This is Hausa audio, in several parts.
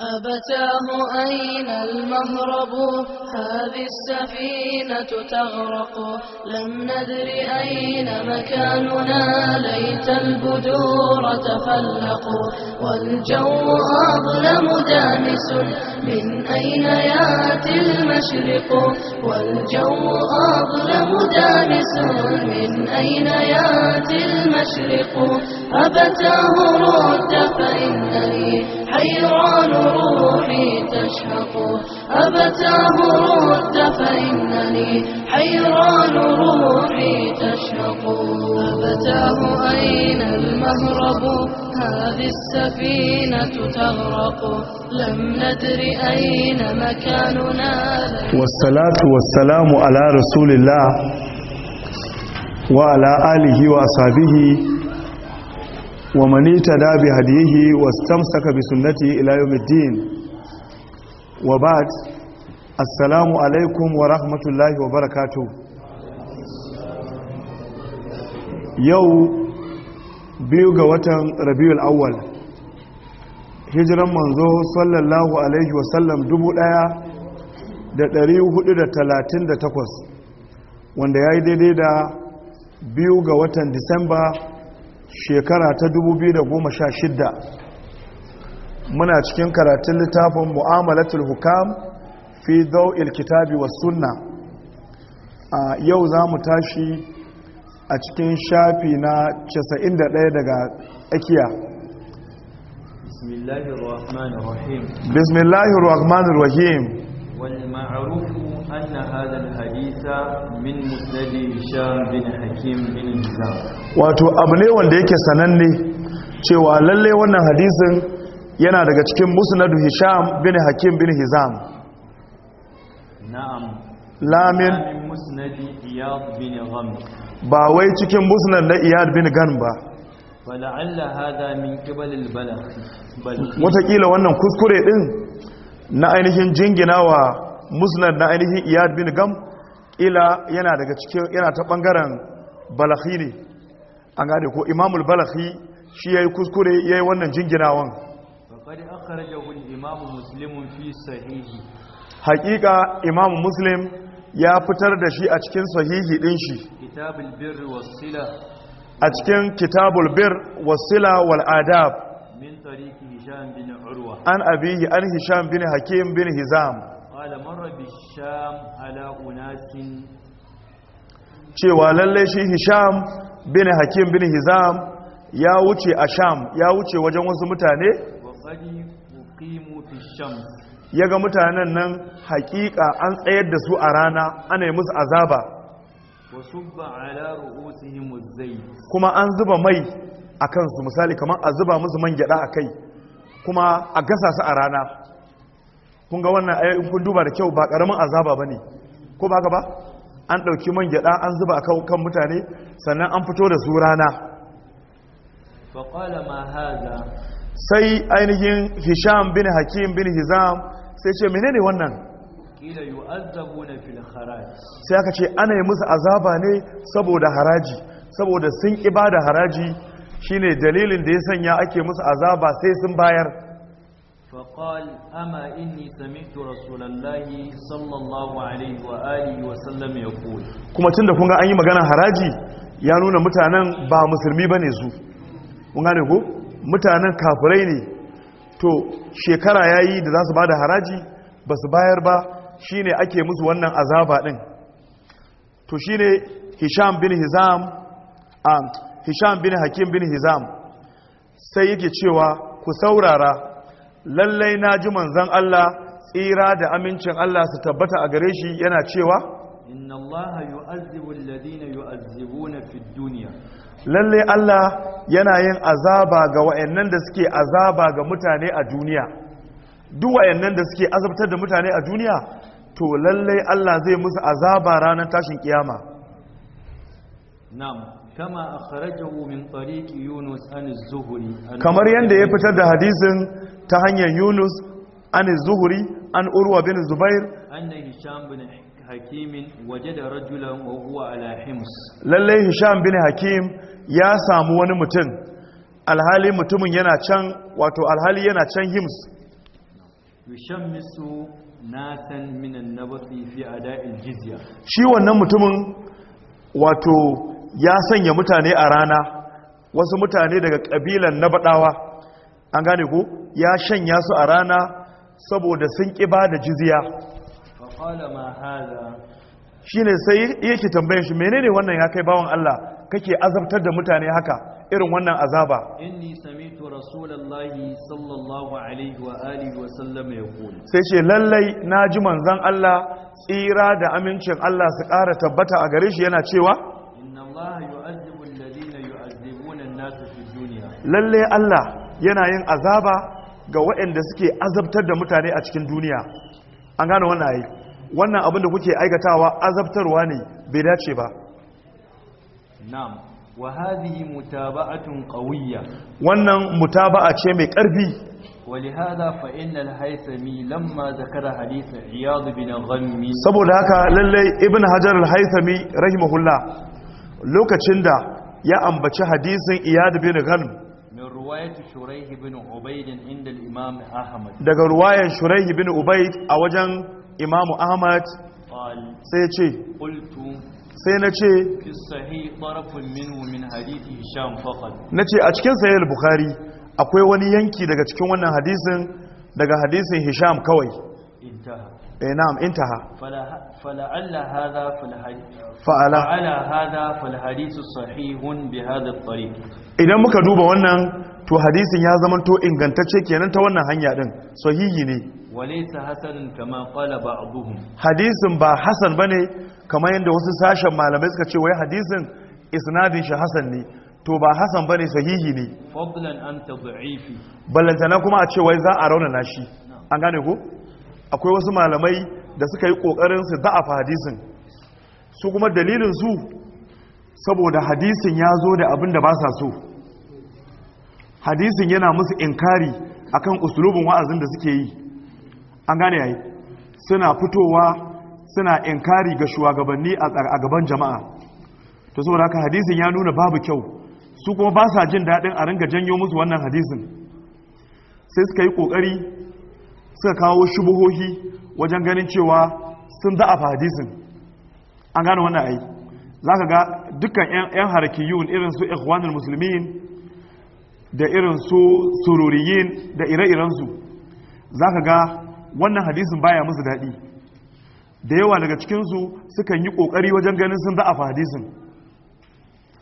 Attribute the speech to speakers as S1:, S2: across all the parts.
S1: أبتاه أين المهرب هذه السفينة تغرق لم ندر أين مكاننا ليت البدور تفلقوا والجو أظلم دامس من أين ياتي المشرق والجو أظلم دامس من أين ياتي المشرق أبتاه رد فإنني حيران روحي تشهق أبتاه رد فإنني حيران روحي تشهق أبتاه أين المهرب هذه السفينة تغرق لم ندر أين مكاننا
S2: والصلاة والسلام على رسول الله وعلى آله وأصحابه wa dabi da bi hadihi wastamsaka bi sunnati ila yawmiddin wa ba'd alaikum wa rahmatullahi wa barakatuh yau biyu ga watan rabiul awwal hijiran manzo sallallahu alaihi wa sallam dubu daya da dari hudu da talatin da takwas wanda ya yi daidai da biyu ga watan disamba shekara ta 2016 muna cikin karatun littafin mu'amalatul hukam fi dau'il kitabi wa sunna a yau za mu tashi a cikin shafi na 91 daga akiya
S1: bismillahir
S2: rahmanir rahim bismillahir rahmanir rahim
S1: wal ma'ruf أن هذا الحديث من مسند هشام
S2: cewa lalle wannan hadisin yana daga cikin musnad hisham bin hakim bin hizam lamin ba wai cikin musnad na iyad bin gan ba
S1: Wataƙila wannan
S2: kuskure ɗin na ainihin jinginawa musnad na ainihin iyad bin gam ila yana daga cikin yana ta bangaren balaghi ne an gane ko imamul balaghi shi yayi kuskure yayi wannan jinginawan
S1: faqad akhrajahu al-imam muslim fi sahihi
S2: haqiqa imam muslim ya fitar da shi a cikin sahihi din shi
S1: kitabul birr
S2: a cikin kitabul birr was wal adab
S1: min tariqi hisham bin urwa
S2: an an hisham bin hakim bin hizam
S1: قال مر بالشام على اناس
S2: cewa lallai shi hisham bin hakim bin hizam ya wuce a sham ya wuce wajen wasu mutane ya ga mutanen nan hakika an tsayar da su a rana ana yi musu azaba kuma an zuba mai a kansu misali kamar a zuba musu man gyada a kai kuma a gasa su a rana kun ga wannan ayoyin kun duba da kyau ba karamin azaba bane ko ba ka ba an dauki man gyada an zuba a kan mutane sannan an fito da su rana
S1: fa qala ma hada
S2: sai ainihin hisham bin hakim bin hizam sai ce menene wannan
S1: kila yu'azzabuna fil
S2: sai aka ce ana yi musu azaba ne saboda haraji saboda sun ki bada haraji shine dalilin da ya sanya ake musu azaba sai sun bayar
S1: فقال أما إني سمعت رسول الله صلى الله عليه وآله وسلم يقول
S2: كما تند كونغا أي مغانا هراجي ya nuna mutanen ba musulmi ba ne su gane ko mutanen kafirai ne to shekara ya yi da za su ba haraji ba su bayar ba shine ake musu wannan azaba ɗin to shi hisham bin hizam hisham bin hakim bin hizam sai yake cewa ku saurara lallai na ji manzan Allah tsira da amincin Allah su tabbata a gare shi yana cewa
S1: inna Allah yu'azzibu alladhina yu'azzibuna fid dunya
S2: lallai Allah yana yin azaba ga wayannan da suke azaba ga mutane a duniya duk wayannan da suke azabtar da mutane a duniya to lallai Allah zai musu azaba ranar tashin kiyama
S1: na'am Kama kamar yadda ya fitar da hadisin
S2: ta hanyar yunus an zuhuri an urwa bin zubair lallai hisham bin hakim ya samu wani mutum alhali mutumin yana can wato alhali yana can hims
S1: yushammisu nasan minan nabati fi ada'il jizya
S2: shi wannan mutumin wato ya sanya mutane a rana wasu mutane daga ƙabilan na baɗawa an gane ku? ya shanya su a rana saboda sun ƙiba da jiziya shi ne sai yake tambayin shi menene wannan ya kai bawan Allah kake azabtar da mutane haka irin wannan azaba
S1: inni samitu rasulullahi sallallahu alaihi wa wa sallam sai ce
S2: lallai na ji manzon Allah tsira da amincin Allah su ƙara tabbata a gare shi yana cewa lalle Allah yana yin azaba ga waɗanda suke azabtar da mutane a cikin duniya an gane wannan ayi wannan abin da kuke aikatawa azabtarwa ne bai dace ba
S1: na'am wa hadhihi mutaba'atun qawiyya
S2: wannan mutaba'a ce mai ƙarfi
S1: fa innal haythami lamma zakara bin ghammi saboda haka
S2: lalle ibn hajar al-haythami rahimahullah lokacin da ya ambaci hadisin iyad bin ghammi daga riwayar shuraihi bin a wajen imam ahmad sai ce sai na ce a cikin sahih bukhari akwai wani yanki daga cikin wannan hadisin daga hadisin hisham kawai intaha eh, intaha
S1: fa'ala sahihun bi
S2: idan muka duba wannan to hadisin ya zama to ingantacce kenan ta wannan hanya din sahihi ne
S1: walaysa hasanan kama qala ba'dhum
S2: hadisin ba hasan bane kamar yadda wasu sashen malamai suka ce wai hadisin isnadin shi hasan ne to ba hasan bane sahihi ne
S1: fadlan an tad'ifi
S2: ballantana kuma a ce wai za a rauna nashi, an gane ko akwai wasu malamai da suka yi kokarin su da'afa hadisin su kuma dalilin su saboda hadisin ya zo da abin da ba sa so hadisin yana musu inkari akan usulubin wa'azin da suke yi an gane yayi suna fitowa suna inkari ga shugabanni a gaban jama'a to saboda haka hadisin ya nuna babu kyau su kuma ba sa jin daɗin a ringa janyo musu wannan hadisin sai suka yi ƙoƙari suka kawo shubuhohi wajen ganin cewa sun da'afa hadisin an gane wannan ai za ka ga dukkan 'yan harakiyun irin su ikhwanul musulmin da irin su sururiyin da ire-irensu za ka ga wannan hadisin baya musu daɗi da yawa daga cikinsu sukan yi ƙoƙari wajen ganin sun za'afa hadisin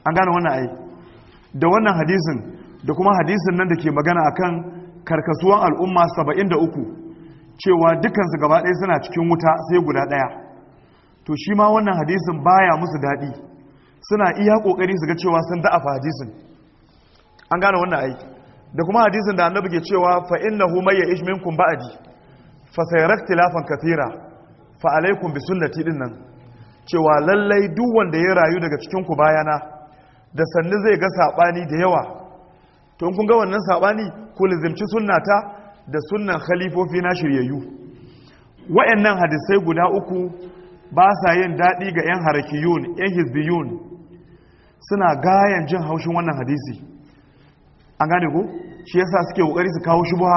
S2: an gane wannan ai da wannan hadisin da kuma hadisin nan da ke magana a kan karkasuwan al'umma 73 cewa dukansu gaba ɗaya suna cikin wuta sai guda ɗaya to shi ma wannan hadisin baya musu daɗi suna iya ƙoƙari su ga cewa sun da'afa hadisin an gane wannan aiki da kuma hadisin da annabi ke cewa fa innahu may ya'ish minkum ba'di fa sayara ikhtilafan katira fa alaikum bi sunnati din nan cewa lallai duk wanda ya rayu daga cikin ku bayana da sannu zai ga sabani da yawa to kun ga wannan sabani ku lizimci sunnata da sunnan khalifofi na shiryayyu wayannan hadisai guda uku ba sa yin daɗi ga 'yan harakiyun 'yan hizbiyun suna gayan jin haushin wannan hadisi an gane ko shi yasa suke kokari su kawo shubha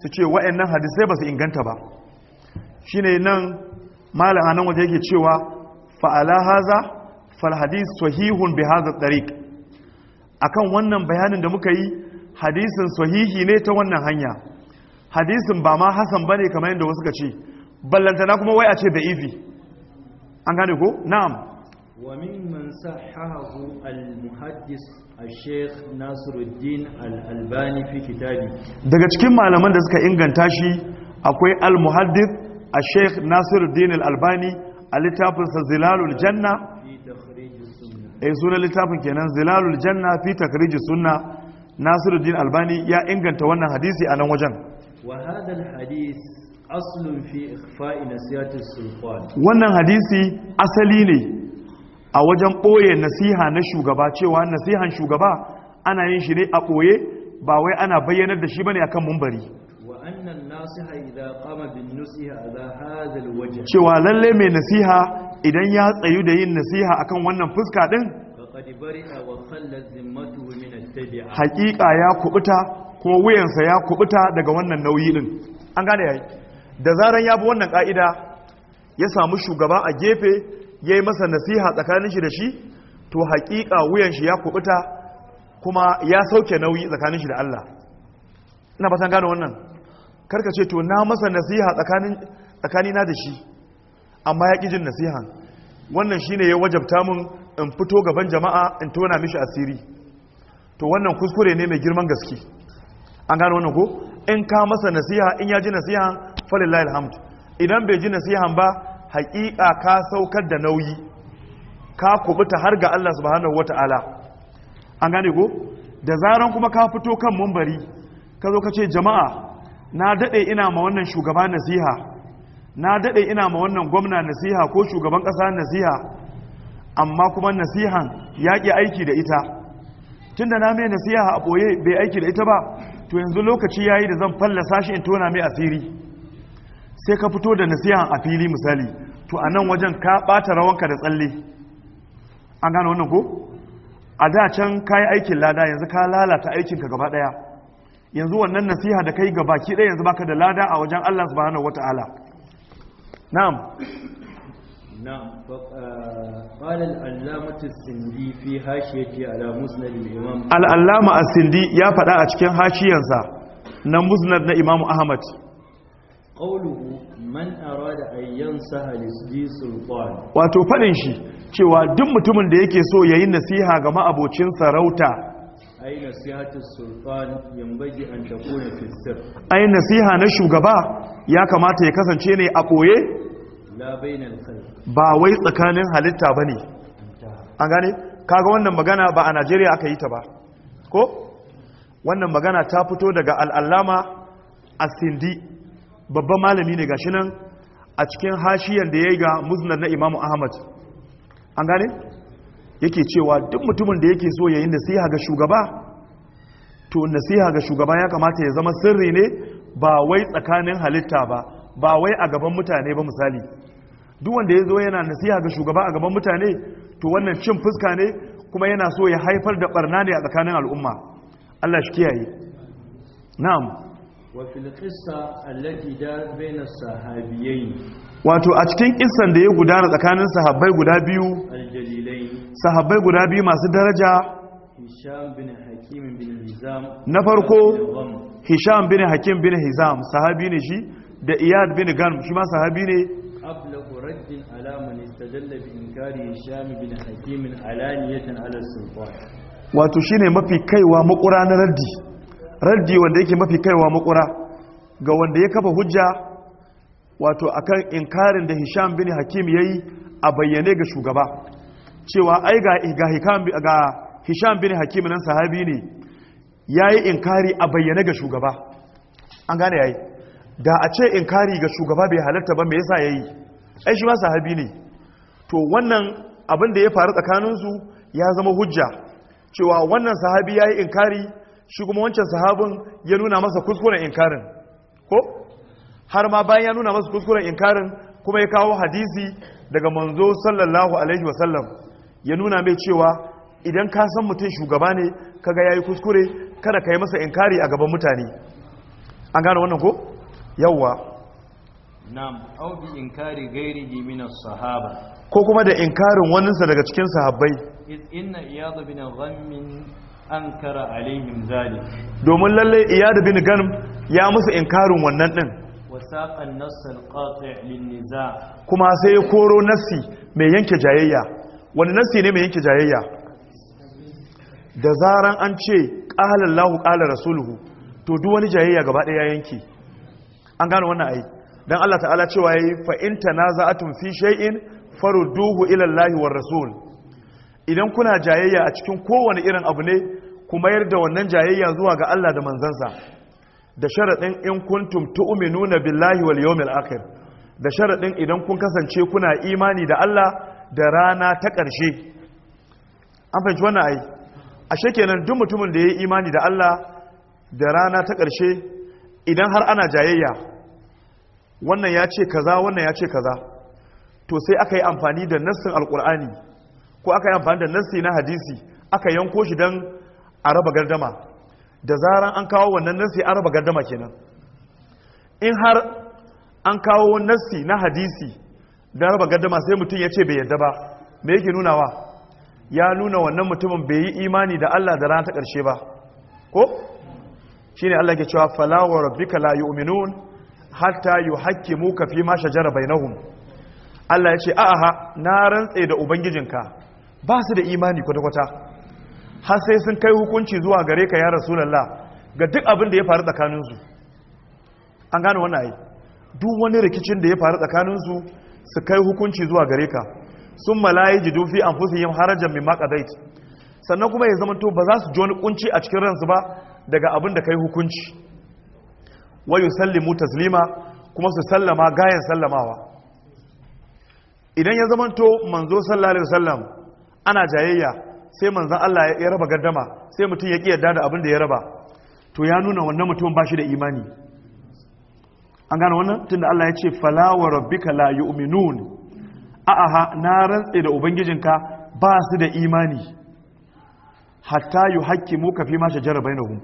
S2: su ce wa'annan hadisai ba su inganta ba shine nan malam anan waje yake cewa fa ala haza fal hadis sahihun bi hadha tariq akan wannan bayanin da muka yi hadisin sahihi ne ta wannan hanya hadisin ba ma hasan bane kamar yadda wasu ka ce ballantana kuma wai a ce da izi an gane ko na'am
S1: وممن صححه المحدث الشيخ ناصر الدين الألباني في كتابه
S2: daga cikin malaman da suka inganta shi akwai al-muhaddith al-sheikh Nasir al-Din al-Albani a littafin sa Zilalul Janna eh sunan littafin kenan Zilalul Janna fi takrijus sunna Nasir al-Din Albani ya inganta wannan hadisi a nan wajen
S1: wa al-hadith aslun fi ikhfa'i wannan hadisi
S2: asali ne a wajen ɓoye nasiha na shugaba cewa nasihan shugaba ana yin shi ne a ɓoye ba wai ana bayyanar da shi bane akan mumbari
S1: cewa lalle mai nasiha
S2: idan ya tsayu da yin nasiha akan wannan fuska din hakika ya kubuta ko wuyansa ya kubuta daga wannan nauyi din an gane yayi da zaran ya bi wannan ƙa'ida, ya samu shugaba a gefe ya yi masa nasiha tsakanin shi da shi to haƙiƙa wuyan shi ya kubuta kuma ya sauke nauyi tsakanin shi da Allah ina fatan gano wannan karka ce to na masa nasiha tsakanin na da shi amma ya ƙi jin nasihan wannan shine ya wajabta mun in fito gaban jama'a in tona mishi asiri to wannan kuskure ne mai girman gaske an gano wannan ko in ka masa nasiha in ya ji nasiha falillahi alhamd idan bai ji nasihan ba haƙiƙa ka saukar da nauyi ka kubuta har ga Allah subhanahu wata'ala an gane ko da zaran kuma ka fito kan mambari ka zo ka ce jama'a na daɗe ina ma wannan shugaba nasiha na daɗe ina ma wannan gwamna nasiha ko shugaban ƙasa nasiha amma kuma nasihan ya ƙi aiki da ita tunda na mai nasiha a ɓoye bai aiki da ita ba to yanzu lokaci ya yi da zan fallasa shi in tona mai asiri sai ka fito da nasiha a fili misali to a nan wajen ka ɓata rawanka da tsalle an gane wannan ko a da can ka yi aikin lada yanzu ka lalata aikinka gaba ɗaya yanzu wannan nasiha da kai gabaki ɗaya yanzu baka da lada a wajen allah subhanahu wata'ala na'am
S1: eh, sindi fi hashiyati ala musnad al-imam
S2: al-allama as-sindi ya fada a cikin hashiyansa na musnad na Imam Ahmad
S1: qawluhu man arada an yansaha li sultan
S2: wato fadin shi cewa duk mutumin da yake so yayi nasiha ga ma'abocin sarauta
S1: ai nasihatu sultan yambaji an takuna fi sir
S2: ai nasiha na shugaba ya kamata ya kasance ne a koye
S1: la bainal khalq
S2: ba wai tsakanin halitta bane an gane kaga wannan magana ba a Najeriya aka yi ta ba ko wannan magana ta fito daga al-allama as babban malami ne gashi nan a cikin hashiyar da ya yi ga musnad na imamu ahmad an gane yake cewa duk mutumin da yake so yayin nasiha ga shugaba to nasiha ga shugaba ya kamata ya zama sirri ne ba wai tsakanin halitta ba ba wai a gaban mutane ba misali duk wanda ya zo yana nasiha ga shugaba a gaban mutane to wannan cin fuska ne kuma yana so ya haifar da barna ne a tsakanin al'umma Allah shi kiyaye na'am
S1: وفي القصة التي دارت بين الصحابيين
S2: wato a cikin kissan da ya gudana tsakanin sahabbai guda biyu sahabbai guda biyu masu daraja na farko hisham bin hakim bin hizam sahabi ne shi da iyad bin gan shi ma sahabi ne
S1: ablagu raddin man istajalla bi inkari hisham bin hakim alaniyatan ala sultan
S2: wato shine mafi kaiwa makura na raddi raddi wanda yake mafi kaiwa makura ga wanda ya kafa hujja wato akan inkarin da hisham bin hakim ya yi a bayyane ga shugaba cewa ai ga hisham bin hakim nan sahabi ne ya yi inkari a bayyane ga shugaba an gane ya yi da a ce inkari ga shugaba bai halarta ba me yasa ya yi ai shi ma sahabi ne to wannan abin da ya faru tsakaninsu ya zama hujja cewa wannan sahabi ya yi inkari shi kuma wancan sahabin ya nuna masa kuskuren inkarin ko har ma bayan ya nuna masa kuskuren inkarin kuma ya kawo hadisi daga manzo sallallahu alaihi wasallam ya nuna mai cewa idan ka san mutum shugaba ne kaga yayi kuskure kada ka yi masa inkari a gaban mutane an gane wannan ko yawwa
S1: na'am au bi inkari ghairihi min as-sahaba
S2: ko kuma da inkarin waninsa daga cikin sahabbai
S1: inna iyad bin ghammin ankara alaihim zalik
S2: domin lalle iyad bin gan ya musu inkarin wannan din kuma sai ya koro nassi mai yanke jayayya wani nassi ne mai yanke jayayya da zaran an ce ƙalar Allahu qala rasuluhu to duk wani jayayya gaba daya yanke an gano wannan ai Don Allah ta'ala cewa yayi fa in tanaza'atum fi shay'in faru ila Allahi war rasul idan kuna jayayya a cikin kowane irin abu ne ku mayar da wannan jayayya zuwa ga Allah da manzansa da sharaɗin in kuntum tu'minuna billahi wal yawmil akhir da sharaɗin idan kun kasance kuna imani da Allah da rana ta ƙarshe an fahimci wannan ai ashe kenan duk mutumin da ya yi imani da Allah da rana ta ƙarshe idan har ana jayayya wannan ya ce kaza wannan ya ce kaza to sai aka yi amfani da nassin alkur'ani ko aka yi amfani da nassi na hadisi aka yanko shi don a raba gardama da zaran an kawo wannan nassi an raba gardama kenan in har an kawo nassi na hadisi don raba gardama sai mutum ya ce bai yarda ba me yake nunawa ya nuna wannan mutumin bai yi imani da Allah da rana ta ƙarshe ba ko shine Allah ke cewa fala wa rabbika la yu'minun hatta yuhakkimuka fi ma shajara bainahum Allah ya ce a'a na rantse da ubangijinka ba su da imani kwata-kwata har sai sun kai hukunci zuwa gare ka ya rasulallah ga duk abin da ya faru tsakaninsu an gano wani ayi duk wani rikicin da ya faru tsakaninsu su kai hukunci zuwa gare ka sun malayi jidu fi an fusi yin harajan mai makadait sannan kuma ya zamanto ba za su ji wani kunci a cikin ransu ba daga abin da kai hukunci wayu sallimu taslima kuma su sallama gayan sallamawa idan ya zamanto manzo sallallahu alaihi wasallam ana jayayya sai manzan Allah ya raba gardama sai mutum ya ki yarda da abin da ya raba to ya nuna wannan mutum ba shi da imani an gane wannan tunda Allah ya ce fala wa rabbika la yu'minun a'a na rantse da ubangijinka ba su da imani hatta haƙƙi ka fi ma shajara bainahum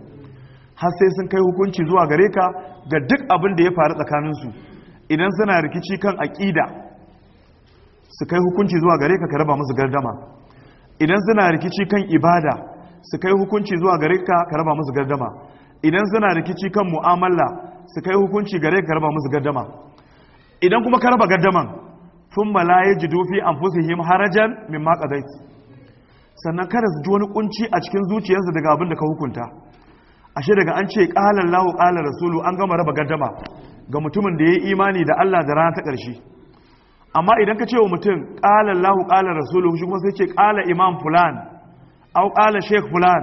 S2: har sai sun kai hukunci zuwa gare ka ga duk abin da ya faru tsakanin su idan suna rikici kan aƙida su kai hukunci zuwa gare ka ka raba musu gardama idan suna rikici kan ibada su kai hukunci zuwa gare ka ka raba musu gardama idan suna rikici kan mu'amala su kai hukunci gare ka raba musu gardama idan kuma ka raba gardaman sun ya ji dufi an fusihim harajan min maƙazai sannan kada su ji wani kunci a cikin zuciyarsa daga abin da ka hukunta ashe daga an ce ƙalar lahu ƙalar rasulu an gama raba gardama ga mutumin da ya yi imani da allah da rana ta ƙarshe amma idan ka ce wa mutum ƙala Allah ƙala rasulu shi kuma sai ce ƙala imam fulan au ƙala sheikh fulan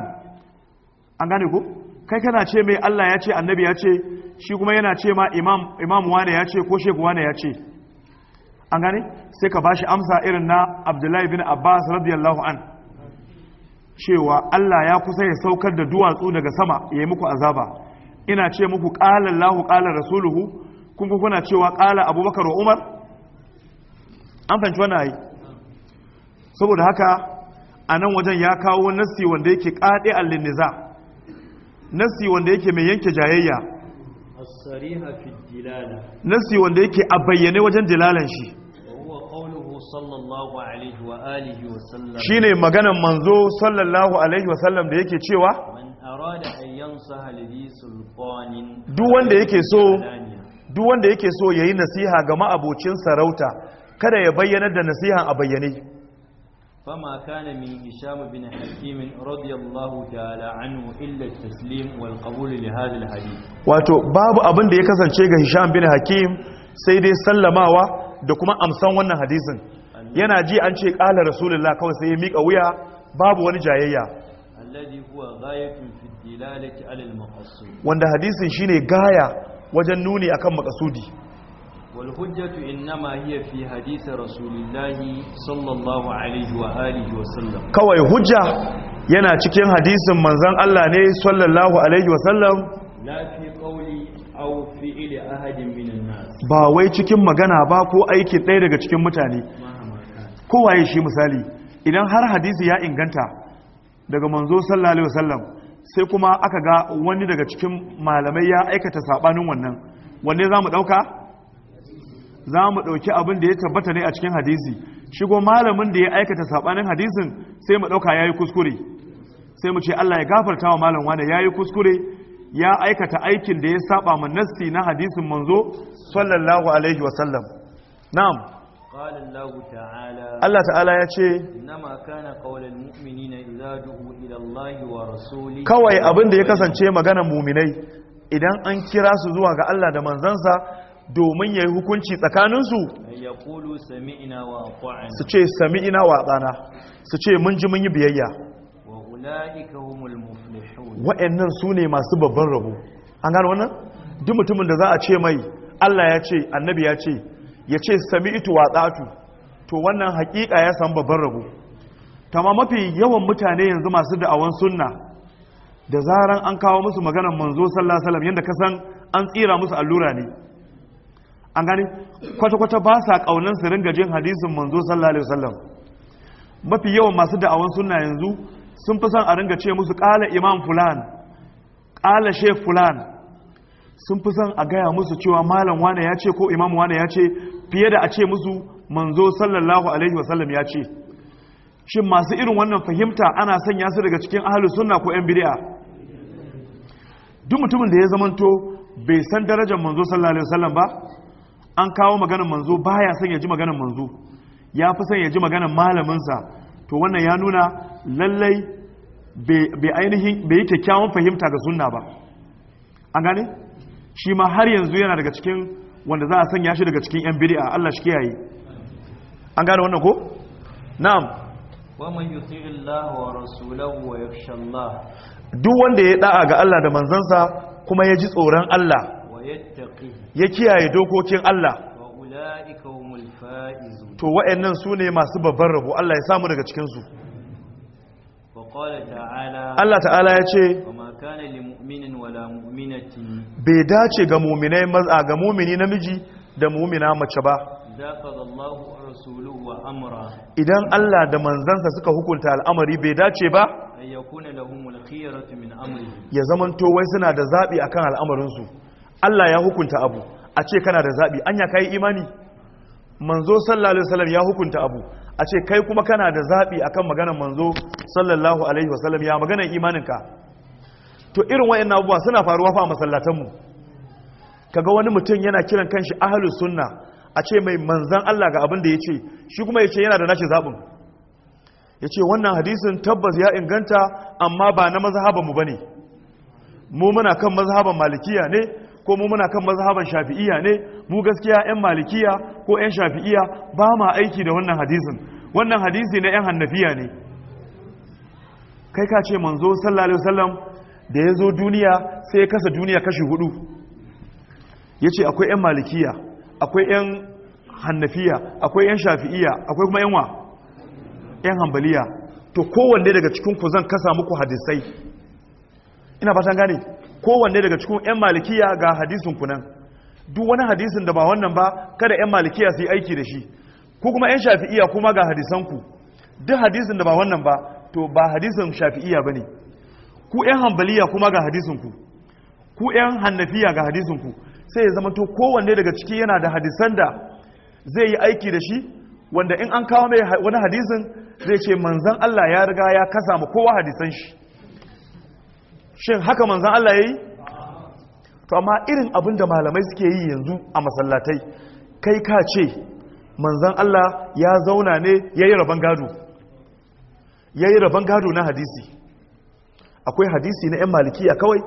S2: an gane ku kai kana ce mai Allah ya ce annabi ya ce shi kuma yana ce ma imam imam wane ya ce ko sheikh wane ya ce an gane sai ka bashi amsa irin na Abdullahi bin Abbas radiyallahu an cewa Allah ya kusa ya saukar da duwatsu daga sama ya yi muku azaba ina ce muku ƙala Allah ƙala rasuluhu kun kuna cewa ƙala Abubakar wa Umar an fahimci wani ayi saboda haka a nan wajen ya kawo nassi wanda yake kaɗe niza, nassi wanda yake mai yanke jayayya nassi wanda yake a bayyane wajen jilalan shi shi ne maganan manzo sallallahu alaihi wasallam da yake cewa duk wanda yake so ya yi nasiha ga ma'abocin sarauta kada ya bayyana da nasiha a bayyane
S1: fama kana min hisham bin hakim radiyallahu ta'ala anhu illa taslim wal qabul li hadha al-hadith
S2: wato babu abin da ya kasance ga hisham bin hakim sai dai sallamawa da kuma amsan wannan hadisin yana ji an ce qala rasulullah kawai sai ya mika wuya babu wani jayayya
S1: alladhi huwa ghayatun fi dilalati ala al-maqsud
S2: wanda hadisin shine gaya wajen nuni akan maqsudi
S1: والحجة إنما هي في حديث رسول الله صلى الله عليه وآله وسلم كوي حجة
S2: ينا تكين حديث منزان الله ني صلى الله عليه fi
S1: لا في fi أو ahadin أحد من
S2: الناس ba wai cikin magana ba ko aiki ɗaya daga cikin mutane kowaye shi misali idan har hadisi ya inganta daga manzo sallallahu alaihi wasallam sai kuma aka ga wani daga cikin malamai ya aikata sabanin wannan wanne za mu ɗauka za mu ɗauki abin da ya tabbata ne a cikin hadisi shigo malamin da ya aikata saɓanin hadisin sai mu ɗauka ya yi kuskure sai mu ce Allah ya gafarta wa malam wani ya yi kuskure ya aikata aikin da ya saba mu nasti na hadisin manzo sallallahu alaihi wasallam na'am Allah ta'ala ya ce, kawai abin da ya kasance maganan mu'minai idan an kira su zuwa ga Allah da manzansa domin ya yi hukunci tsakaninsu su ce wa tsana su ce mun ji mun yi biyayya wa'annan su ne masu babban rabo an gano wannan duk mutumin da za a ce mai allah ya ce annabi ya ce ya ce sami'itu wa tsatu to wannan hakika ya sami babban rabo kama mafi yawan mutane yanzu masu da'awan sunna da zaran an kawo musu maganar manzo sallallahu alaihi wasallam yanda ka san an tsira musu allura ne an gani kwata-kwata ba sa kaunan su ringa jin hadisin manzo sallallahu alaihi wasallam mafi yawan masu da'awan sunna yanzu sun fi son a ringa ce musu kala imam fulan kala shef fulan sun fi son a gaya musu cewa malam wane ya ce ko imam wane ya ce fiye da a ce musu manzo sallallahu alaihi wasallam ya ce shin masu irin wannan fahimta ana sanya su daga cikin ahlu sunna ko yan bid'a duk mutumin da ya zamanto bai san darajar manzo sallallahu alaihi wasallam ba an kawo maganar manzo baya son ya ji maganar manzo ya fi son ya ji maganar malaminsa to wannan ya nuna lallai bai ainihin bai yi kyakkyawan fahimta ga sunna ba an gane shi ma har yanzu yana daga cikin wanda za a sanya shi daga cikin yan a Allah shi kiyaye an gane wannan ko na'am
S1: wa man yuti'illah wa rasulahu wa yakhsha Allah
S2: duk wanda ya da'a ga Allah da manzansa kuma ya ji tsoron Allah ya kiyaye dokokin Allah to wa'annan su ne masu babban rabo Allah ya samu daga cikinsu
S1: Allah ta'ala ya ce
S2: bai dace ga mominai maza ga momini namiji da momina mace ba idan Allah da manzansa suka hukunta al'amari bai dace ba ya zamanto wai suna da zaɓi akan al'amarinsu Allah ya hukunta abu a ce kana da zaɓi anya ka yi imani manzo sallallahu alaihi wasallam ya hukunta abu a ce kai kuma kana da zaɓi akan maganar manzo sallallahu alaihi wasallam ya maganar imaninka to irin wayannan abubuwa suna faruwa fa a masallatanmu kaga wani mutum yana kiran kanshi ahlus sunna a ce mai manzan Allah ga abin da ya ce shi kuma ya ce yana da nashi zaɓin ya ce wannan hadisin tabbas ya inganta amma ba na mazhaban mu bane mu muna kan mazhaban malikiya ne ko mu muna kan mazhaban shafi'iyya ne mu gaskiya yan malikiya ko yan shafi'iyya ba ma aiki da wannan hadisin wannan hadisi na yan hannafiya ne kai ka ce manzo sallallahu alaihi wasallam da ya zo duniya sai ya kasa duniya kashi hudu ya ce akwai yan malikiya akwai yan hannafiya akwai yan shafi'iyya akwai kuma yan wa yan hambaliya to kowanne daga cikin ku zan kasa muku hadisai ina fatan gane kowanne daga cikin 'yan malikiya ga hadisin kunan duk wani hadisin da ba wannan ba kada 'yan malikiya su yi aiki da shi ko kuma 'yan shafi'iya kuma ga hadisanku duk hadisin da ba wannan ba to ba hadisin shafi'iya ba ne ku 'yan hambaliya kuma ga hadisinku ku 'yan hannafiya ga hadisinku sai ya zama to kowanne daga ciki yana da hadisan da zai yi aiki da shi wanda in an kawo mai wani hadisin zai ce manzan Allah ya riga ya kasa ma kowa hadisan shi shin haka manzan Allah ya yi to amma irin abin da malamai suke yi yanzu a masallatai kai ka ce manzan Allah ya zauna ne ya yi rabon gado ya yi rabon gado na hadisi akwai hadisi na 'yan malikiya kawai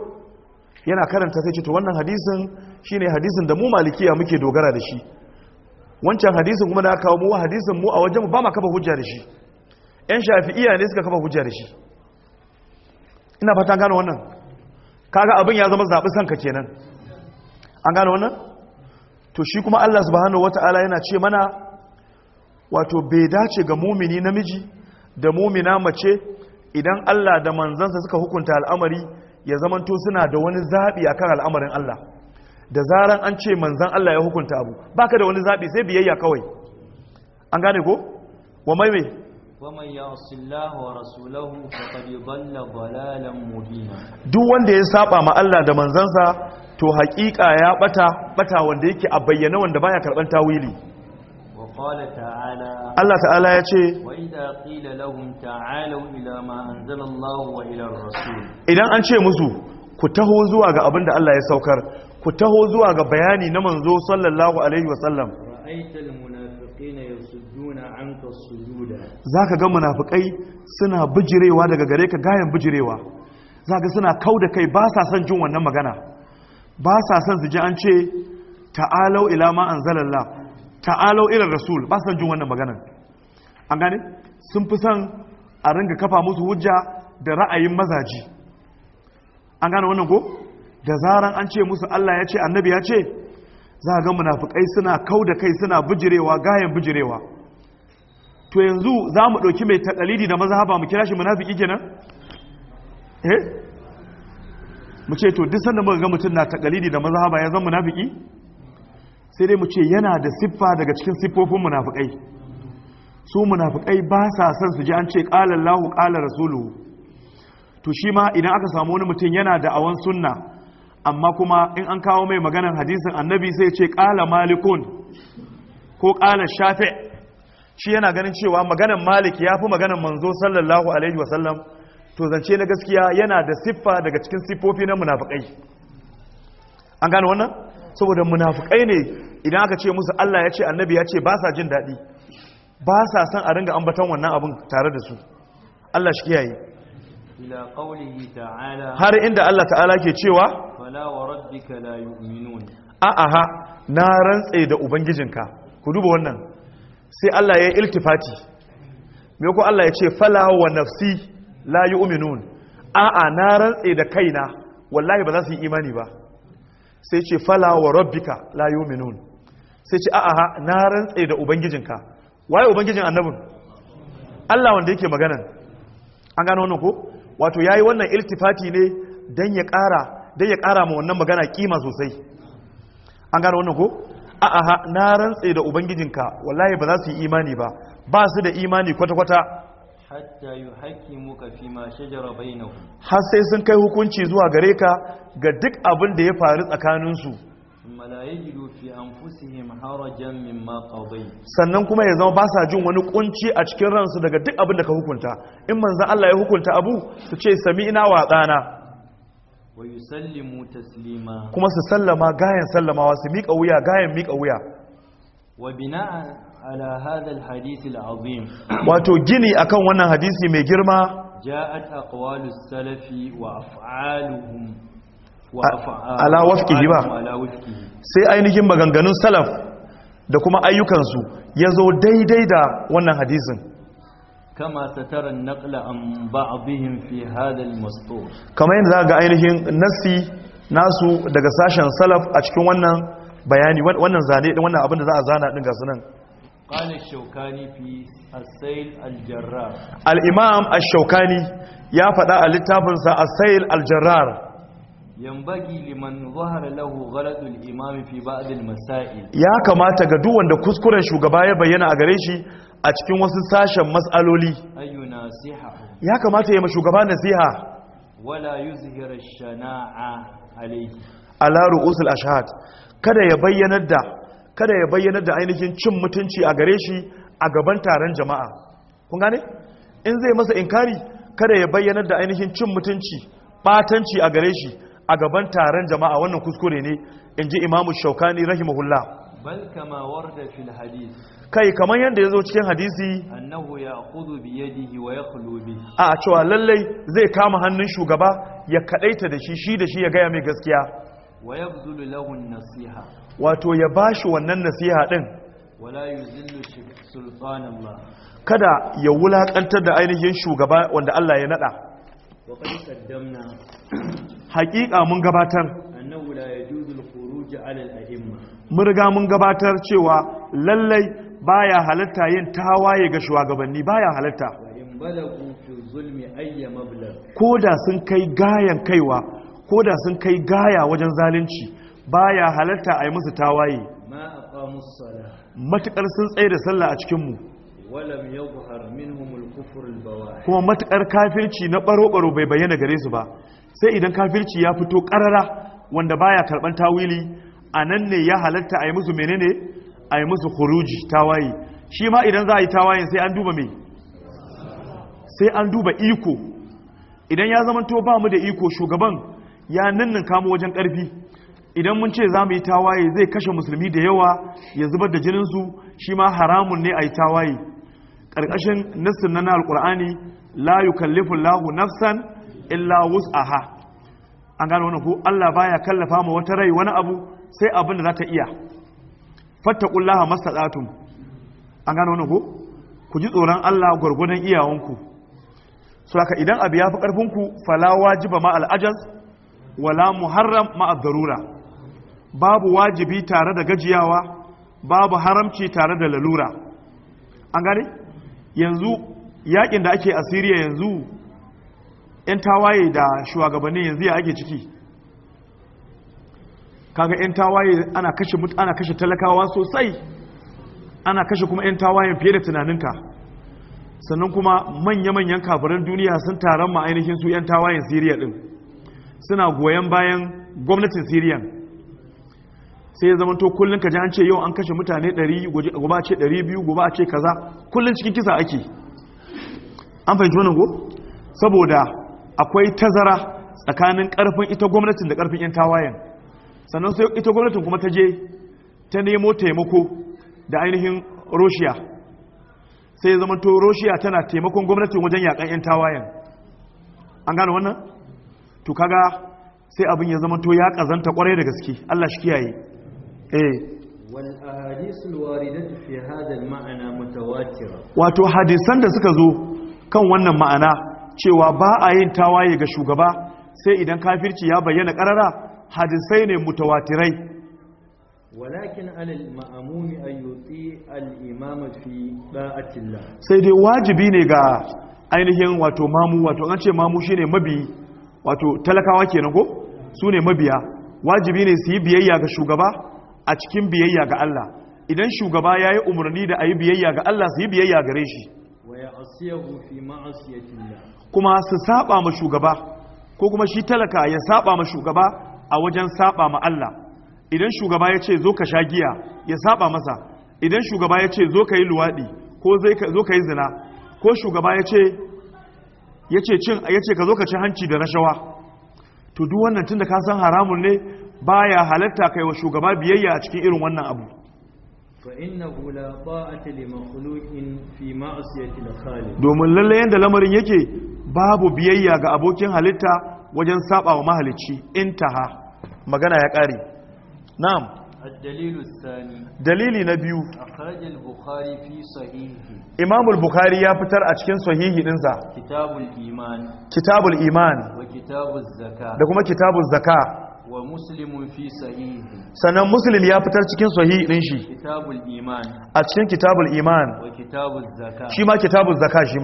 S2: yana karanta sai ce to wannan hadisin ne hadisin da mu malikiya muke dogara da shi wancan hadisin kuma da aka kawo mu hadisin mu a wajen ba ma kafa hujja da shi 'yan shafi'iya ne suka kafa hujja da shi ina fata gano wannan kaga abin ya zama zaɓi sanka kenan an gano wannan to shi kuma Allah subhanahu wata'ala yana ce mana wato bai dace ga mumini namiji da mumina mace idan Allah da manzansa suka hukunta al'amari ya zamanto suna da wani zaɓi a kan al'amarin Allah da zaran an ce manzan Allah ya hukunta abu baka da wani zaɓi sai biyayya kawai an gane ko wa mai
S1: ومن يعص الله ورسوله فقد ضل ضلالا مبينا
S2: duk wanda ya saba ma Allah da manzansa to hakika ya bata bata wanda yake a bayyana wanda baya karban tawili Allah ta'ala ya ce idan an ce musu ku taho zuwa ga abin da Allah ya saukar ku taho zuwa ga bayani na manzo sallallahu alaihi wasallam za ka ga munafukai suna bijirewa daga gare ka gayan bijirewa za ka suna kau da kai ba sa son jin wannan magana ba sa son su ji an ce ta'alau ila ma an zalalla ta'alau ila rasul ba sa jin wannan magana. an gane sun fi son a ringa kafa musu hujja da ra'ayin mazaji an gane wannan ko da zaran an ce musu allah ya ce annabi ya ce za ga munafukai suna kau da kai suna bijirewa gayan bijirewa to yanzu za mu ɗauki mai takalidi da mazhaba mu kira shi munafiki kenan eh mu ce to duk sanda muka ga mutum na takalidi da mazhaba ya zama munafiki sai dai mu ce yana da siffa daga cikin siffofin munafikai su munafikai ba sa son su ji an ce ƙalar Allahu qala rasuluhu to shi ma idan aka samu wani mutum yana da awan sunna amma kuma in an kawo mai maganar hadisin annabi sai ce ƙala malikun ko qala shafi' shi yana ganin cewa maganan malik ya fi maganan manzo sallallahu alaihi wasallam to zance na gaskiya yana da siffa daga cikin siffofi na munafukai an gane wannan saboda munafukai ne idan aka ce musu Allah ya ce annabi ya ce ba sa jin daɗi ba sa son a ringa ambaton wannan abin tare da su Allah shi kiyaye har inda Allah ta'ala ke cewa a'a na rantse da ubangijinka ku duba wannan sai Allah ya yi iltifati me ko Allah ya ce fala wa nafsi la yu'minun a'a na rantse da kaina wallahi ba za su yi imani ba sai ce fala wa rabbika la uminun sai ce a'a na rantse da ubangijinka waye ubangijin annabin Allah wanda yake maganan an gano wannan ko wato yayi wannan iltifati ne dan ya ƙara dan ya ma wannan magana kima sosai an gano wannan ko a'a na rantse da ubangijinka wallahi ba za su yi imani ba ba su da imani kwata-kwata
S1: hatta fi ma shajara
S2: har sai sun kai hukunci zuwa gare ka ga duk abin da ya faru tsakaninsu.
S1: su
S2: sannan kuma ya zama ba sa jin wani kunci a cikin ransu daga duk abin da ka hukunta in manzon Allah ya hukunta abu su ce sami wa tsana kuma su sallama gayan sallamawa su miƙa wuya gayan miƙa wuya wato gini akan wannan hadisi mai girma
S1: ja'at aqwalus ala wafki ba
S2: sai ainihin maganganun salaf da kuma ayyukansu ya zo daidai da wannan hadisin
S1: kama sataran naqla an ba'dihim fi hadha al-mastur
S2: kamar yadda ga ainihin nasi nasu daga sashen salaf a cikin wannan bayani wannan zane din wannan abin da za a zana din gasu nan
S1: قال الشوكاني في السيل الجرار
S2: الامام الشوكاني يا فدا الكتابن سا السيل الجرار
S1: ينبغي لمن ظهر له غلط الامام في بعض المسائل
S2: يا kamata ga duk wanda kuskuren shugaba ya bayyana a gare shi a cikin wasu sashen matsaloli ya kamata ya ma shugaba nasiha
S1: wala yuzhira shana'a alayhi
S2: ala ru'usul ashhad kada ya bayyanar da kada ya bayyanar da ainihin cin mutunci a gare shi a gaban taron jama'a kun gane in zai masa inkari kada ya bayyanar da ainihin cin mutunci batanci a gare shi a gaban taron jama'a wannan kuskure ne in ji imamu shaukani rahimahullah
S1: bal kama warda fil hadith
S2: kai kamar yadda ya zo cikin hadisi
S1: annahu ya kudu bi yadihi wa ya kulubi a
S2: cewa lallai zai kama hannun shugaba ya kadaita da shi shi da shi ya gaya mai gaskiya
S1: wa ya zulu lahun nasiha
S2: wato ya bashi wannan nasiha din
S1: wala yuzillu sultanallah
S2: kada ya wulakantar da ainihin shugaba wanda Allah ya nada
S1: wa qad qaddamna
S2: haqiqa mun gabatar
S1: annahu la yajuzu al-khuruj ala al-a'imma
S2: mun riga mun gabatar cewa lallai baya halatta yin tawaye ga shugabanni baya halatta ko da sun kai gayan kaiwa ko da sun kai gaya wajen zalunci baya halatta a yi musu tawaye matukar sun tsaye da sallah a cikinmu kuma matukar kafirci na baro-baro bai bayyana gare su ba sai idan kafirci ya fito karara wanda baya karban tawili a nan ne ya halatta a yi musu menene a yi musu khuruji tawaye shi ma idan za a yi tawayen sai an duba mai sai an duba iko idan ya zama to ba mu da iko shugaban ya nannan kamo wajen karfi idan mun ce za mu yi tawaye zai kashe musulmi da yawa ya zubar da jininsu shi ma haramun ne a yi tawaye ƙarƙashin nassin na alƙur'ani la yukallifu lahu nafsan illa wus'aha an gano wannan ko Allah baya kallafa mu wata rai wani abu sai abin da za ta iya masta mastata'tum an gano wani ku ku ji tsoron Allah gwargwadon iyawanku Su haka idan abu ya fi ƙarfinku ku fala wajiba ma al'ajaz wala muharram ma babu wajibi tare da gajiyawa babu haramci tare da lalura an gane yanzu yaƙin da ake asiriya yanzu 'yan tawaye da shugabanni yanzu ya ake ciki kaga yan tawaye ana kashe ana kashe talakawa sosai ana kashe kuma yan tawayen fiye da tunaninka sannan kuma manya-manyan kafirin duniya sun taron ma ainihin su yan tawayen siriya din suna goyon bayan gwamnatin siriyan sai ya zamanto kullum ka ji an ce yau an kashe mutane 100 gobe a ce 200 gobe a ce kaza kullum cikin kisa ake an fahimci wannan go saboda akwai tazara tsakanin karfin ita gwamnatin da karfin yan tawayen sannan sai ita gwamnatin kuma ta je ta nemo taimako da ainihin roshiya sai ya zama to roshiya tana taimakon gwamnatin wajen yakan 'yan tawayen an gano wannan to kaga sai abin ya zama to ya kazanta kwarai da gaske Allah shi kiyaye eh wato hadisan da suka zo kan wannan ma'ana cewa ba a yin tawaye ga shugaba sai idan kafirci ya bayyana ƙarara. hadisai ne mutawatirai
S1: walakin alal ma'amumi an yuti al-imama fi da'atillah
S2: sai dai wajibi ne ga ainihin wato mamu wato an ce mamu shine mabi wato talakawa kenan ko su ne mabiya wajibi ne su yi biyayya ga shugaba a cikin biyayya ga Allah idan shugaba ya yi umarni da a yi biyayya ga Allah su yi biyayya gare shi kuma su saba ma shugaba ko kuma shi talaka ya saba ma shugaba a wajen saba ma Allah idan shugaba ya ce zo ka sha giya ya saba masa idan shugaba ya ce zo ka yi luwaɗi ko zo ka yi zina ko shugaba ya ce ya ce ka zo ka ci hanci da rashawa to duk wannan tun da ka san haramun ne ba ya halatta kai wa shugaba biyayya a cikin irin wannan abu domin lalle yadda lamarin yake babu biyayya ga abokin halitta wajen saba wa mahalicci intaha magana ya ƙare na'am
S1: dalili na biyu
S2: imam al-bukhari ya fitar a cikin sahihi dinsa
S1: kitabul iman da kuma kitabul zaka sannan muslim ya fitar cikin sahihi din shi a cikin kitabul iman wa kitabul zakat shi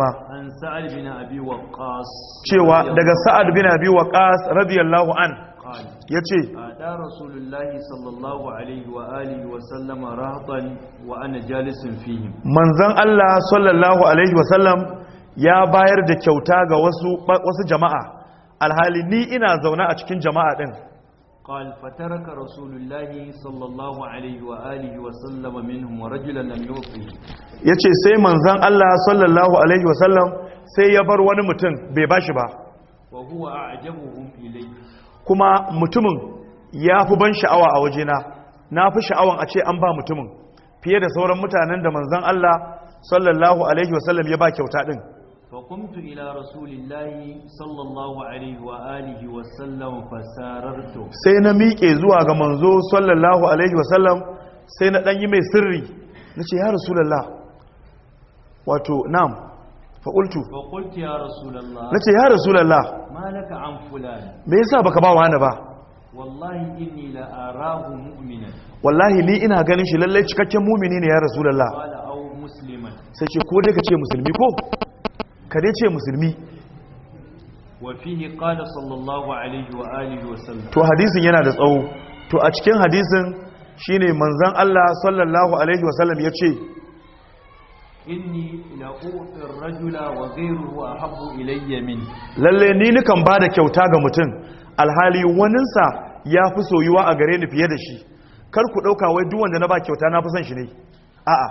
S1: cewa daga sa'ad bin Abiwa
S2: waqas radiyallahu ya ce
S1: a ah, ɗa rasulullahi sallallahu alaihi wa alihi wa sallama rahatan wa ana jalisun
S2: manzan Allah sallallahu alaihi wa sallam ya bayar da kyauta ga wasu jama'a alhali ni ina zaune a cikin jama'a ɗin.
S1: قال فترك
S2: yace sai manzon Allah sallallahu alaihi sallam sai ya bar wani mutum bai bashi ba
S1: wa huwa a'jabuhum
S2: ilayhi kuma mutumin ya fi ban sha'awa a wajena na fi sha'awan a ce an ba mutumin fiye da sauran mutanen da manzan Allah sallallahu alaihi wasallam ya ba kyauta din
S1: faƙuntu ila rasulillahi sallallahu alaihi wa alihi
S2: wasallam fasararto sai na miƙe zuwa ga manzo sallallahu alaihi wasallam sai na ɗanyi mai sirri na ce ya rasulallah wato Nam. faƙultu
S1: na ce ya lalla.
S2: me yasa baka ba wani ba wallahi ni ina ganin shi lallai cikakken mumini ne ya rasulallah sai ce ko dai ka ce musulmi ko ka dai ce musulmi to hadisin yana da tsawo to a cikin hadisin shine manzan Allah sallallahu alaihi wasallam ya ce
S1: inni la uqir rajula wa ghayruhu ahabbu ilayya min
S2: lalle ni nikan da kyauta ga mutum alhali waninsa ya fi soyuwa a gare ni fiye da shi kar ku ɗauka wai duk wanda na ba kyauta na fi son shi ne a'a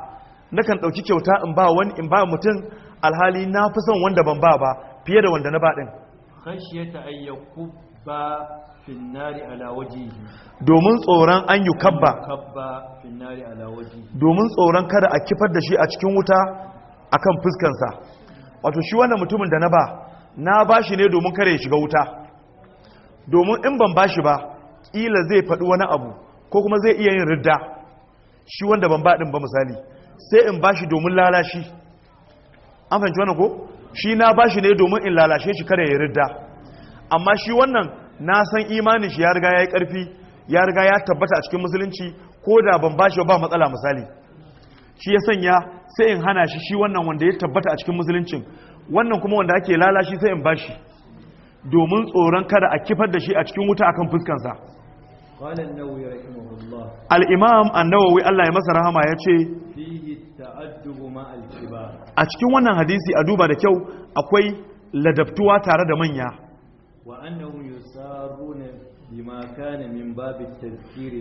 S2: nakan ɗauki kyauta in ba wani in ba mutum alhali na fi son wanda ban ba ba fiye da wanda na ba din
S1: khashiyata ba.
S2: domin tsoron an yi kabba domin tsoron kada a kifar da shi a cikin wuta akan fuskansa wato shi wannan mutumin da na ba na ba shi ne domin kare ya shiga wuta domin in ban ba shi ba ƙila zai faɗi wani abu ko kuma zai iya yin ridda shi wanda ban ba ɗin ba misali sai in ba shi domin lalashi an fahimci wannan ko shi na ba shi ne domin in lalashe shi kare ya ridda amma shi wannan na san imanin shi ya riga ya yi ƙarfi ya riga ya tabbata a cikin musulunci ko da ban ba shi ba matsala misali shi ya sanya sai in hana shi shi wannan wanda ya tabbata a cikin musuluncin wannan kuma wanda ake lalashi sai in ba bashi domin tsoron kada a kifar da shi a cikin wuta akan fuskansa al-imam an wai Allah ya masa rahama ya ce a cikin wannan hadisi a duba da kyau akwai ladabtuwa tare da manya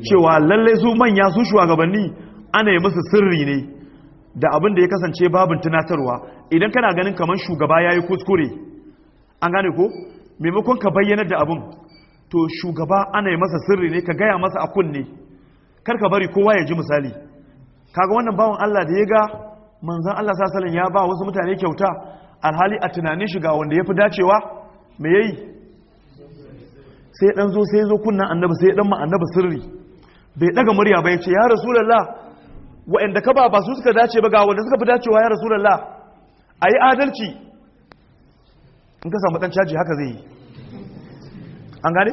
S1: cewa lallai
S2: su manya su shugabanni ana yi musu sirri ne da abin da ya kasance babin tunatarwa idan kana ganin kamar shugaba ya yi kuskure an gane ko maimakon ka bayyana da abin to shugaba ana yi masa sirri ne ka gaya masa a kunne kar ka bari kowa ya ji misali kaga wannan bawan Allah da ya ga manzon Allah sallallahu ya ba wasu mutane kyauta alhali a tunanin shiga wanda ya fi dacewa me yayi sai dan zo sai zo kunna annabi sai dan ma annabi sirri bai daga murya ba yace ya rasulullah wa'anda ka ba ba su suka dace ba ga wanda suka fi dacewa ya rasulullah ayi adalci in ka samu dan caji haka zai yi an gane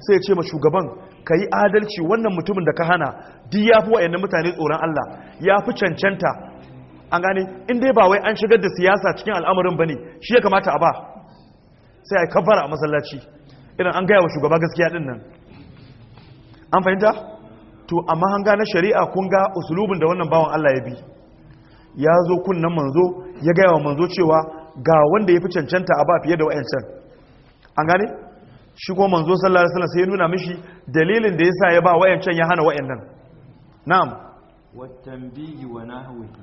S2: sai ya ce ma shugaban ka yi adalci wannan mutumin da ka hana duk ya fi mutane tsoron Allah ya fi cancanta an gane in dai ba wai an shigar da siyasa cikin al'amarin ba shi ya kamata a ba sai a kafara a masallaci irin an gaya wa shugaba gaskiya din nan an fahimta to amma hanga na shari'a kun ga usulubin da wannan bawan Allah ya bi ya zo kunnan manzo ya gaya wa manzo cewa ga wanda ya fi cancanta a ba fiye da wa'ancan an gane shi ko manzo sallallahu alaihi wasallam sai ya nuna mishi dalilin da yasa ya ba wa'ancan ya hana wayannan na'am
S1: watanbihi wa nahwihi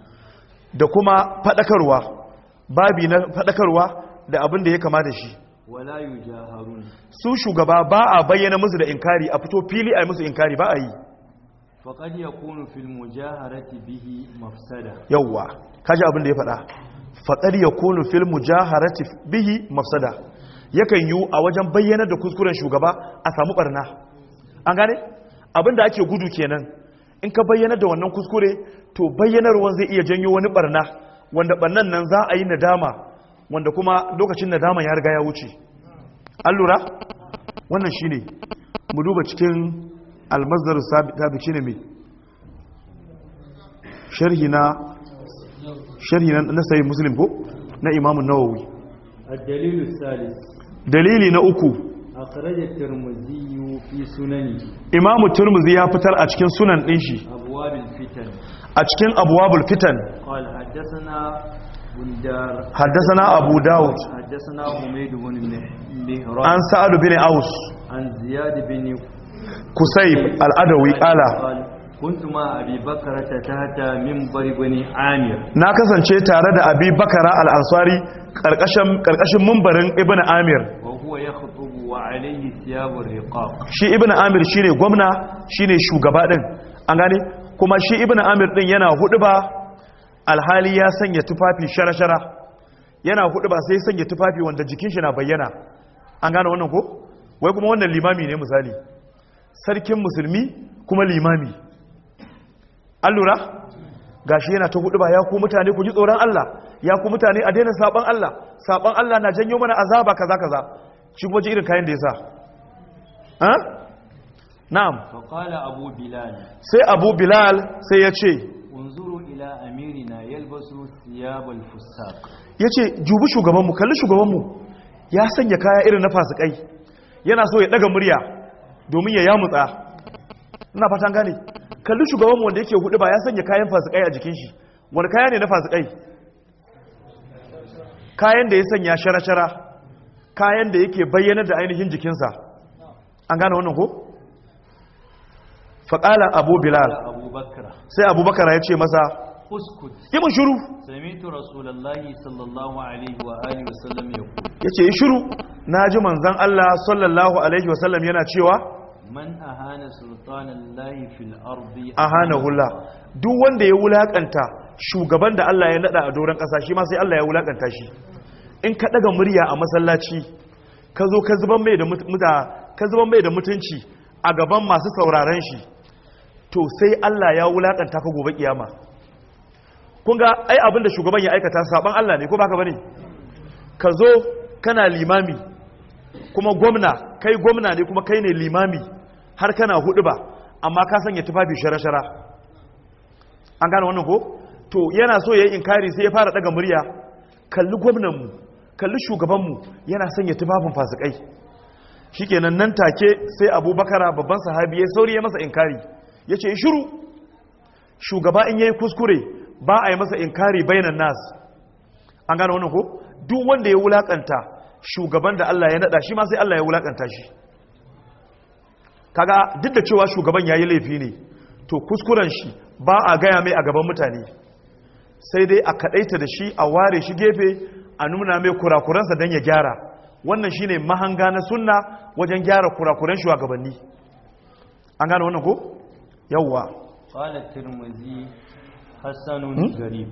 S2: da kuma fadakarwa babi na fadakarwa da abin da ya kamata shi su shugaba ba a bayyana musu da inkari a fito fili a musu inkari ba a yi
S1: ya yakunu filmu jaharati bihi mafsada
S2: yauwa kaji abin da ya faɗa ya yakunu fil jaharati bihi mafsada yakan yi a wajen bayyana da kuskuren shugaba a samu ɓarna. an gane abin da ake gudu kenan in ka bayyana da wannan kuskure to bayyanarwan zai iya janyo wani ɓarna, wanda ɓannan nan za a yi nadama wanda kuma lokacin da dama ya riga ya wuce Allura, wannan shi ne mu duba cikin almazdar sabi shi ne mai sharhi na sayi musulun ko na imamun nawawi dalili na uku
S1: akirajar turmuzi fi sunani
S2: imamu turmuzi ya fitar a cikin sunan din shi a cikin abuwa bulfitan
S1: حدثنا أبو داود حدثنا حميد بن مهران عن سعد بن أوس عن زياد بن
S2: كسيب الأدوي قال
S1: كنت مع بكر من عامر
S2: karkashin karkashin munbarin ibn amir
S1: wa yakhutubu wa alayhi thiyab
S2: shi ibn amir shine gwamna shine shugaba din an gane kuma shi ibn amir din yana hudu ba alhali ya sanya tufafi shara-shara yana hudu ba sai sanya tufafi wanda jikin shi na bayyana an gane wannan ko wai kuma wannan limami ne misali sarkin musulmi kuma limami an lura gashi yana ta hudu ba ya ku mutane ku ji tsoron Allah ya ku mutane a daina saban Allah saban Allah na janyo mana azaba kaza kaza shi kuma ji irin kayan da ya sa sai abu bilal sai ya ce
S1: ila amirina yalbasu thiyabal fusaq
S2: yace jubu shugaban mu kalli shugaban mu ya sanya kaya irin na fasikai yana so ya daga murya domin ya yamutsa ina fatan gane kalli shugaban mu wanda yake hudu ba ya sanya kayan fasikai a jikin shi wani kaya ne na fasikai kayan da ya sanya shara-shara kayan da yake bayyana da ainihin jikinsa an gane wannan ko faƙala abu bilal sai abubakar ya ce masa yi mun shuru ya ce yi shuru na ji manzan Allah sallallahu alaihi wasallam yana cewa
S1: man ahana sultanallahi fil ardi ahana hula
S2: duk wanda ya wulakanta shugaban da Allah ya nada a doron ƙasa shi ma sai Allah ya wulakanta shi in ka daga murya a masallaci ka zo ka zuban mai da mutunci a gaban masu sauraron shi to sai Allah ya wulakanta ka gobe kiyama kun ga ai abin da shugaban ya aikata saban Allah ne ko baka bane ka zo kana limami kuma gwamna kai gwamna ne kuma kai ne limami har kana hudu ba amma ka sanya tufafi sharashara shara an gane wannan ko to yana so ya yi inkari sai ya fara daga murya kalli gwamnan mu kalli shugaban mu yana sanya tufafin fasikai shikenan nan take sai abubakar babban sahabi ya sauri ya masa inkari ya ce shiru shugaba in ya yi kuskure ba a yi masa inkari bainan nas an gane wannan ko duk wanda ya wulakanta shugaban da Allah ya nada shi ma sai Allah ya wulakanta shi kaga duk da cewa shugaban ya yi laifi ne to kuskuren shi ba a gaya mai a gaban mutane sai dai a kadaita da shi a ware shi gefe a nuna mai kurakuransa don ya gyara wannan shine mahanga na sunna wajen gyara kurakuran shugabanni an gane wannan ko yawwa
S1: qala tirmizi hasanun hmm? gari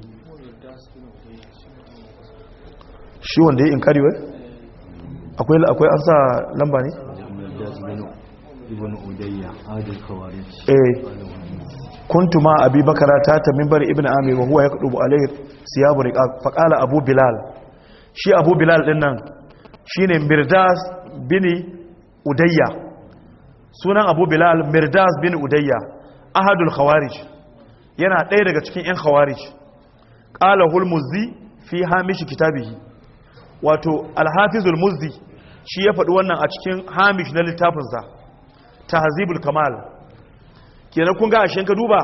S2: shi wanda ya in wai akwai akwai an sa lamba ne
S1: ibn eh,
S2: kuntu ma abi bakara ta ta mimbar ibn amir wa huwa yaqdubu alayhi siyabu riqab fa qala abu bilal shi abu bilal din nan shine mirdas bin udayya sunan abu bilal mirdas bin udayya ahadul khawarij yana ɗaya daga cikin 'yan khawarij ƙala hulmuzi fi hamishi kitabihi wato alhafizul muzzi shi ya faɗi wannan a cikin hamish na littafinsa tahzibul kamal kenan kun ga a ka duba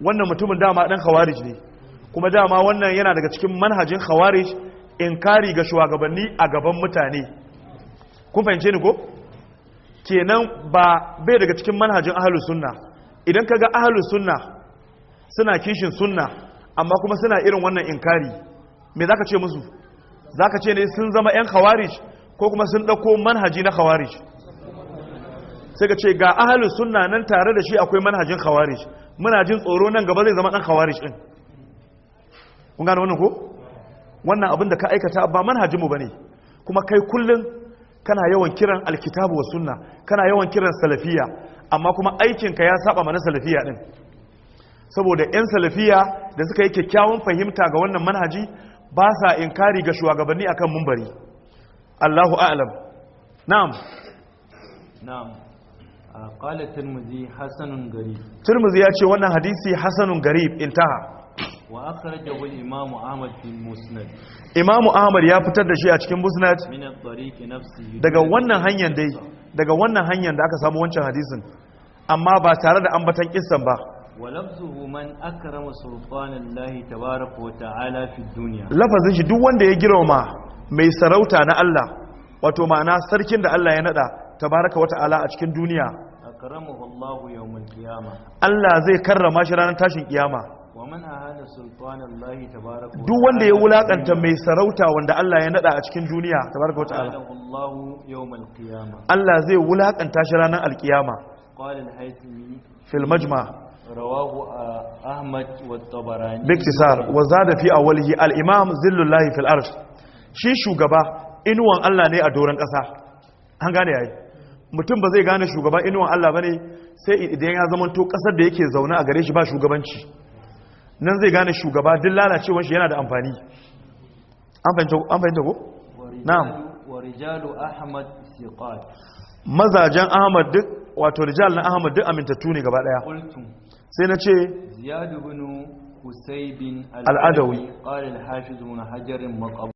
S2: wannan mutumin dama ɗan khawarij ne kuma dama wannan yana daga cikin manhajin khawarij inkari ga shugabanni a gaban mutane kun fahimce ni ko kenan ba bai daga cikin manhajin ahlus sunna idan kaga ahlus sunna suna kishin sunna amma kuma suna irin wannan inkari me zaka ce musu zaka ce ne sun zama yan khawarij ko kuma sun dauko manhaji na khawarij sai ka ce ga ahlus sunna nan tare da shi akwai manhajin khawarij muna jin tsoro nan gaba zai zama dan khawarij din kun gane wannan ko wannan abin da ka aikata ba manhajin mu bane kuma kai kullun kana yawan kiran alkitabu wa sunna kana yawan kiran salafiya amma kuma aikinka ya saba mana salafiya din saboda 'yan salafiya da suka yi kyakkyawan fahimta ga wannan manhaji ba sa inkari ga shugabanni akan mumbari Allahu a'lam na'am
S1: na'am qala turmuzi hasanun gari
S2: turmuzi ya ce wannan hadisi hasanun gari intaha
S1: wa akhrajahu al-imam ahmad fi musnad
S2: imam ahmad ya fitar da shi a cikin musnad
S1: daga wannan hanyar
S2: dai daga wannan hanyar da aka samu wancan hadisin amma ba tare da ambatan kissan ba
S1: walafzuhu man akrama sultanallahi tabaraka wata'ala fi dunya lafazin shi duk
S2: wanda ya girma mai sarauta na Allah wato ma'ana sarkin da Allah ya nada tabaraka wata'ala a cikin duniya
S1: akramahu Allahu yawmal qiyama
S2: Allah zai karrama shi ranar tashin kiyama
S1: wa man ahada sultanallahi tabaraka duk wanda ya wulakanta mai
S2: sarauta wanda Allah ya nada a cikin duniya tabaraka wata'ala
S1: Allahu yawmal qiyama Allah
S2: zai wulakanta shi ranar alkiyama قال في المجمع
S1: رواه أحمد والطبراني باكتسار وزاد في أوله الإمام
S2: ذل الله في شي inuwan Allah ne a doron an gane yayi mutum ba zai gane shugaba inuwan Allah bane sai idan ya zama to kasar da yake zauna a gare shi ba shugabanci nan zai gane shugaba duk lalacewar shi yana da amfani an fahimta ko na'am
S1: wa ahmad siqat
S2: mazajen ahmad duk wato rijal na ahmad duk amintattu ne gaba daya sai na ce ziyadu bin husaybin al-adawi qala al-hafiz ibn hajar